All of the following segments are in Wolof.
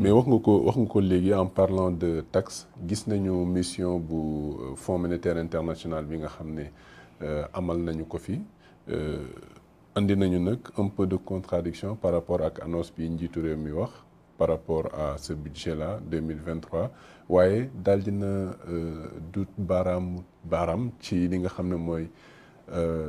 mais wax nga ko wax nga ko léegi en parlant de taxe gis nañu mission bu euh, fonds monétaire international bi nga xam ne euh, amal nañu ko fi indi euh, nañu nag un peu de contradiction par rapport ak annonce bi njiitu réew mi wax par rapport à ce budget là 2023 waaye daal dina dut baaraam baaraam ci li nga xam ne mooy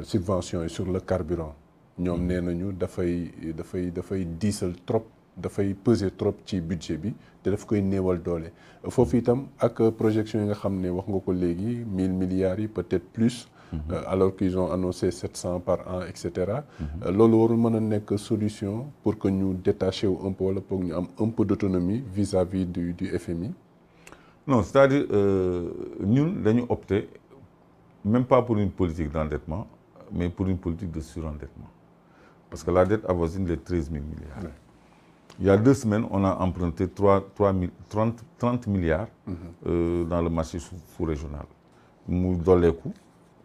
subvention yi sur le carburant ñoom mm-hmm. nee nañu dafay dafay dafay diisal trop dafay peser trop ci budget bi te daf koy néewal doole foofu itam ak projection yi nga xam ne wax nga ko léegi mille milliards yi peut-être plus mhm. euh, alors qu'ils ont annoncé sept cent par an et cetera mhm. euh, loolu warul mën a nekk solution pour que ñu détaché wu un wala pour ñu am un peu d'autonomie vis-à-vis du du FMI non c'est-à-dire euh, ñun dañu opter même pas pour une politique d'endettement mais pour une politique de surendettement parce que la dette avoisine les treize milliards Il y a deux semaines, on a emprunté 3, 3 30, 30, milliards mm -hmm. dans le marché sous-régional. Sous nous donnons les coûts,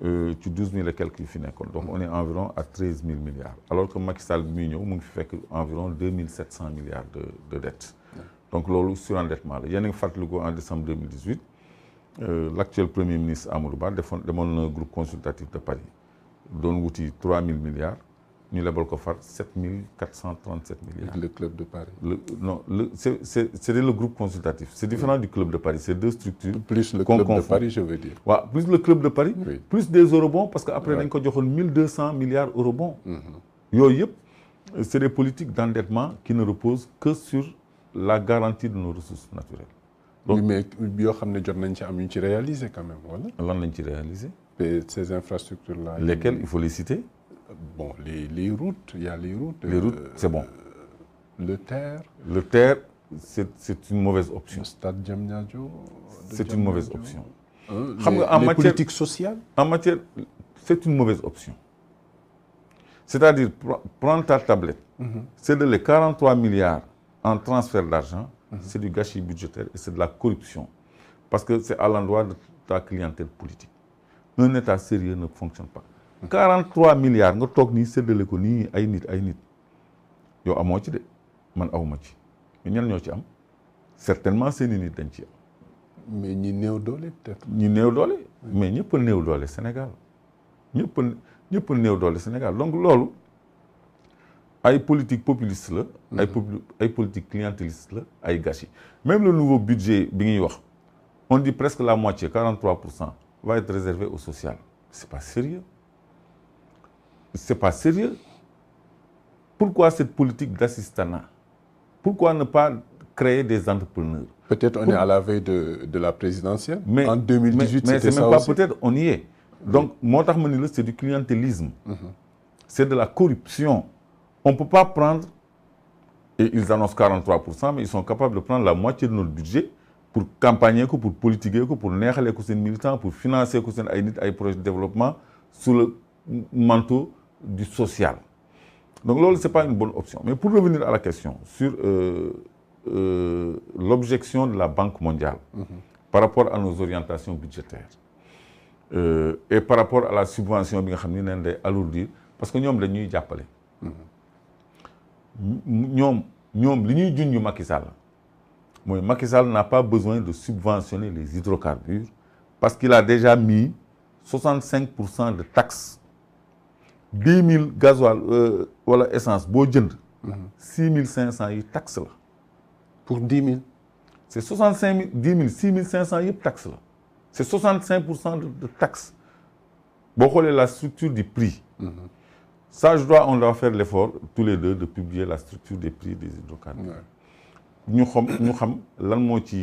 euh, tu 12 000 et quelques finés. Donc, mm -hmm. on est environ à 13 000 milliards. Alors que Macky Sall Mignon, fait environ 2 700 milliards de, de dettes. Mm -hmm. Donc, l'eau surendettement. Il y a une fatigue en décembre 2018. Euh, L'actuel Premier ministre Amourba demande un groupe consultatif de Paris. Donne 3 milliards. ñu lebal ko far sept mille quatre cent trente sept milliards. le club de Paris. Le, non le c'est c'est le groupe consultatif. c'est différent du club de Paris c'est deux structures. plus plus le club de Paris. plus des eurobonds parce que après dañ ko joxoon mille deux cent milliards eurobonds. Mm-hmm. yooyu yëpp c'est des politiques d'endettement qui ne reposent que sur la garantie de nos ressources naturelles. mais yoo xam ne jot nañ ci am ñu ci réaliser quand même wala. lañ ci réaliser. ces infrastructures là. lesquelles il faut les bon, les, les routes, il y a les routes. Euh, c'est bon. Le terre. Le terre, c'est une mauvaise option. Le stade Diamniadio. C'est une mauvaise option. Euh, les, en En matière, c'est une mauvaise option. C'est-à-dire, prendre ta tablette, mm -hmm. c'est de les 43 milliards en transfert d'argent, mm -hmm. c'est du gâchis budgétaire et c'est de la corruption. Parce que c'est à l'endroit de ta clientèle politique. Un État sérieux ne fonctionne pas. 43 milliards nga toog nii séddale ko nii ay nit ay nit yow amoo ci de man awma ci mais ñan ñoo ci am certainement seeni nit dañ ci am. mais ñi néew doole peut néew doole mais ñëpp a néew doole Sénégal ñëpp a ñëpp a néew doole Sénégal donc loolu ay politique populiste la. ay mm-hmm. ay politique clientéliste la ay gâchis même le nouveau budget bi ñuy wax on dit presque la moitié 43 pour cent va être réservé au social c'est pas sérieux c'est pas sérieux. Pourquoi cette politique d'assistanat Pourquoi ne pas créer des entrepreneurs Peut-être on Pour... est à la veille de, de la présidentielle. Mais, en 2018, mais, mais c'est même ça pas peut-être, on y est. Donc, mon oui. c'est du clientélisme. Mm -hmm. C'est de la corruption. On ne peut pas prendre, et ils annoncent 43%, mais ils sont capables de prendre la moitié de notre budget pour campagner, pour politiquer, pour nerf les militants, pour financer les projets de développement sous le manteau du social. Donc, loolu n'est pas une bonne option. Mais pour revenir à la question sur euh, euh de la Banque mondiale mm-hmm. par rapport à nos orientations budgétaires euh, par rapport à la subvention, parce que ñoom nous sommes les appelés. Nous sommes les Macky Sall. mooy Sall n'a pas besoin de subventionner les hydrocarbures parce qu'il a déjà mis 65% de taxes dix mille gasoil euh, wala essence boo jënd. six mille cinq cent yi taxe la. pour dix mille. c' est soixante cinq mille dix mille six mille cinq cent yëpp taxe la c' est soixante cinq pour cent de taxe boo xoolee la structure du prix. Mhm. ça je dois on doit faire l' effort tous les deux de publier la structure de prix des hydrocarbures. ñu xam ñu xam lan moo ci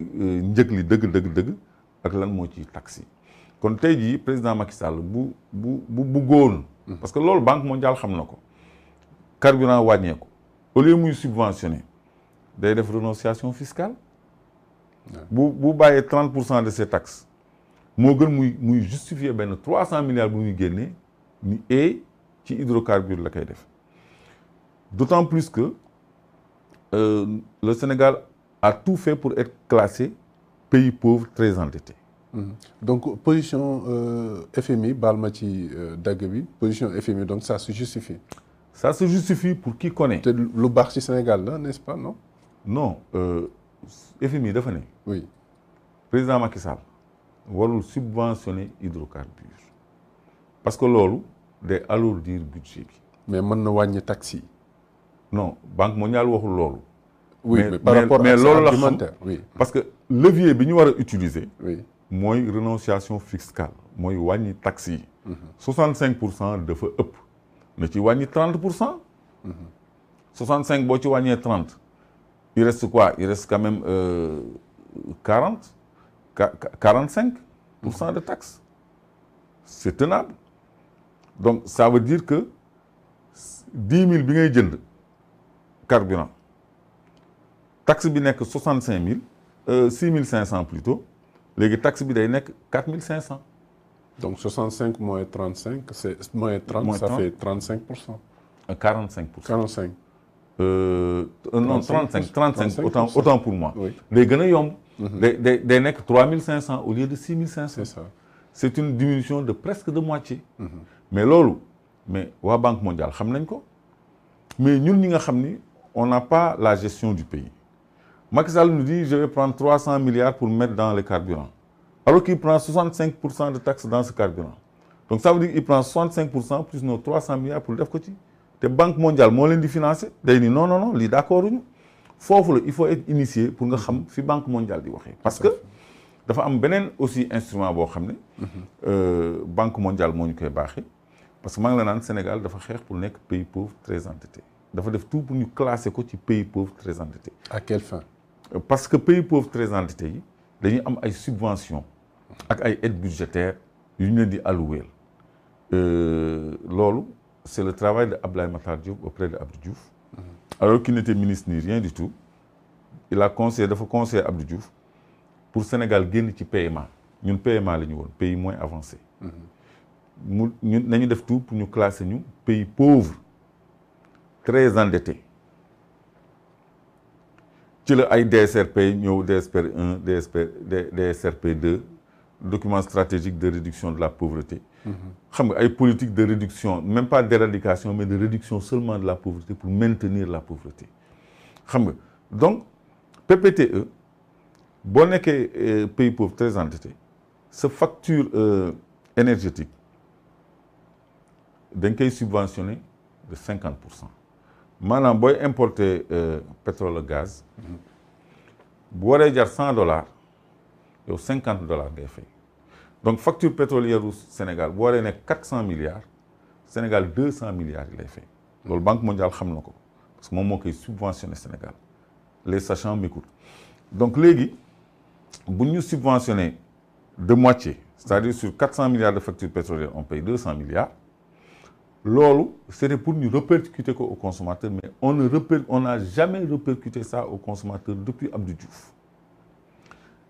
euh, njëg li dëgg dëgg dëgg ak lan moo ci taxe kon tey jii président Macky Sall bu bu bu bëggoon. Hmm. parce que loolu banque mondiale xam na ko. carburant wàññeeku au lieu muy subventionné day def renonciation fiscale. bu bu bàyyee 30 pour cent de ses taxes. moo gën muy muy justifier benn 300 milliards bu muy génnee ni et ci hydrocarbure la koy def d'autant plus que euh, le Sénégal a tout fait pour être classé pays pauvre très endetté. Mm-hmm. donc position euh, FMI baal ma ci euh, dagg bi position FMI donc ça se justifie. ça se justifie pour qui connaît. lu baax ci Sénégal la n'est-ce pas non. non euh, FMI dafa ne. oui président Macky Sall warul subventionner hydrocarbures parce que loolu de alourdir budget bi. mais mën na wàññi taxes yi. non Banque mondiale waxul loolu. oui par rapport à mais loolu parce que levier bi ñu war a utiliser. mooy renonciation fiscale mooy wàññi taxi yi. cinq pour cent dafa ëpp na ci wàññi 30 pour cent. 65 boo ci wàññee 30 il reste quoi il reste quand même euh, cinq pour cent de taxe c'est tenable donc ça veut dire que 10 mille bi ngay jënd carburant taxe bi nekk cinq mille 000 euh, mille cinq cent plutôt. léegi taxe bi day nekk quatre mille cinq cent. donc soixante cinq moins trente cinq c' est moins trente ça fait trente cinq pour cent. Euh, quarante cinq pour cent quarante cinq. Euh, euh, non trente cinq trente cinq pour moi. day gën yomb. Mhm. day day day nekk trois mille cinq cent au lieu de six mille cinq cent. c' est une diminution de presque de moitié. Mhm. mais loolu mais waa Banque mondiale xam nañ ko mais ñun ñi nga xam ni on n'a pas la gestion du pays. Macky al nous dit je vais prendre 300 milliards pour mettre dans le carburant. Alors qu'il prend 65% de taxes dans ce carburant. Donc ça veut dire qu'il prend 65% plus nos 300 milliards pour le def ko ci te banque mondiale moo leen di financé day ni non non non lii d'accord uñu foofu la il faut être initié pour nga xam fi banque mondiale di waxee. parce que dafa am beneen aussi instrument boo xam ne. Euh, banque mondiale moo ñu koy baaxee. parce que maa la naan Sénégal dafa xeex pour nekk pays pauvre très endetté dafa def tout pour ñu classer ko ci pays pauvre très endetté. à quelle parce que pays pauvre très endetté yi dañuy am ay subventions ak ay aides budgétaires yu ñu leen di allouer euh, loolu c' est le travail de Abdoulaye Matar Diop auprès de Abdou Diouf mm-hmm. alors qu'il n'était ministre ni rien du tout il a conseillé dafa conseillé Abdou Diouf pour Sénégal génn ci PMA ñun PMA la ñu woon pays mooy avancé mm-hmm. mu ñun nañu def tout pour ñu classer ñu pays pauvre très endetté ci la ay DSRP ñëw DSPR 1 DSPR DSRP 2 document stratégique de réduction de la pauvreté. Mm-hmm. xam nga ay politique de réduction même pas d'éradication mais de réduction seulement de la pauvreté pour maintenir la pauvreté xam nga donc PPTE boo nekkee euh, pays pauvre très endetté sa facture euh, énergétique dañ koy subventionné de cinquante pour cent. maanaam booy importer euh, pétrole ak gaz bu waree jar cent dollars yow cinquante dollars ngay fay donc facture pétrolière u Sénégal bu waree nekk quatre cent milliards Sénégal deux cent milliards yi lay loolu Banque mondiale xam na ko parce que moom moo koy subventionné Sénégal sa sachants m'écoutent donc léegi bu ñu subventionné de moitié c'est-à-dire sur quatre cent milliards de facture pétrolière on paye deux cent milliards loolu c'était pour ñu répercuter ko aux consommateurs mais on ne réper on n'a jamais répercuté ça aux consommateurs depuis Abdou Diouf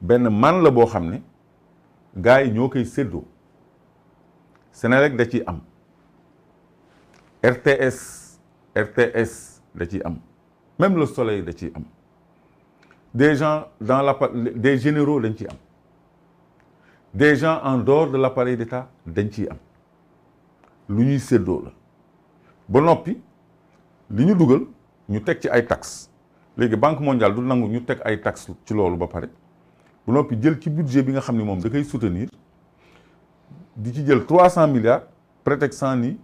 benn man la boo xam ne gars yi ñoo koy séddoo Senelec da ciy am RTS da ciy am même le soleil da ciy am des gens dans la des généraux dañ ciy am des gens en dehors de l'appareil d'État dañ ciy am lu ñuy séddoo la ba noppi li ñu dugal ñu teg ci ay tax léegi banque mondiale du nangu ñu teg ay taxes ci loolu ba pare ba noppi jël ci budget bi nga xam ne moom da koy soutenir di ci jël trois cent milliards prétextant ni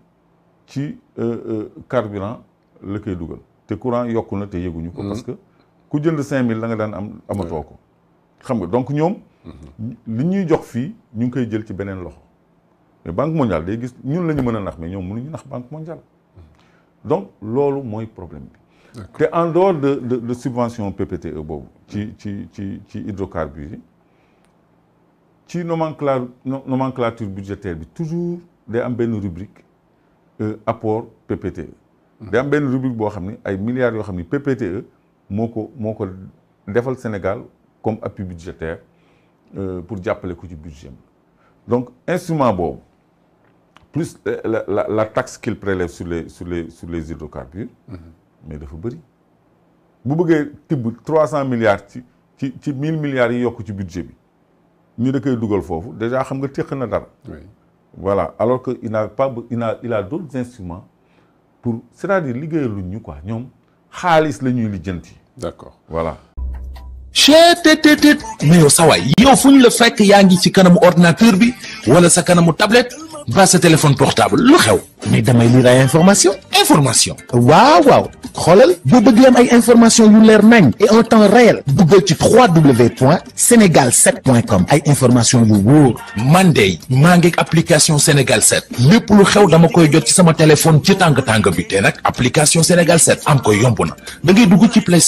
ci euh, euh, carburant la koy dugal te courant yokku na te yëguñu ko mm-hmm. parce que ku jënd cinq mille la nga daan am amatoo ko xam nga donc ñoom mm-hmm. li ñuy jox fii ñu ngi koy jël ci beneen loxo mais banque mondiale day gis ñun la ñu mën a nax mais ñoom mënuñu nax banque mondiale donc loolu mooy problème bi te en dehors de subvention PPTE boobu ci ci ci ci hydrocarbures yi ci nomenclature nomenclature budgétaire bi toujours day am benn rubrique euh, apport PPTE hmm. day am benn rubrique boo xam ne ay milliards yoo xam ne PPTE moo ko moo ko defal Sénégal comme appui budgétaire euh, pour jàppale ko ci budget donc instrument boobu plus euh, la la la taxe qu'il prélève sur les sur les sur mhm. mais dafa bëri. bu bëggee tibb trois cent milliards ci ci ci mille milliards yi yokk ci budget bi ñu da koy dugal foofu déjà xam nga téq na dara. voilà alors que il n'a pas il a il a d'autres pour c'est-à-dire liggéeyaluñ ñu ko ñoom xaalis la ñuy lijjanti. d'accord voilà. cheet teet teet mais yow sa yow fu ñu la fekk yaa ngi ci kanamu ordinateur bi wala sa kanamu tablette. ba sa téléphone portable lu xew mais damay lire ay information information waaw waaw xoolal boo bëgg am ay information yu leer nañ et en temps réel duggal ci 3w point sénégal 7 point ay information yu wóor man de maa ngi application sénégal 7 lépp lu xew dama koy jot ci sama téléphone ci tàng tàng bi te nag application sénégal 7 am ko yomb na da ngay ci play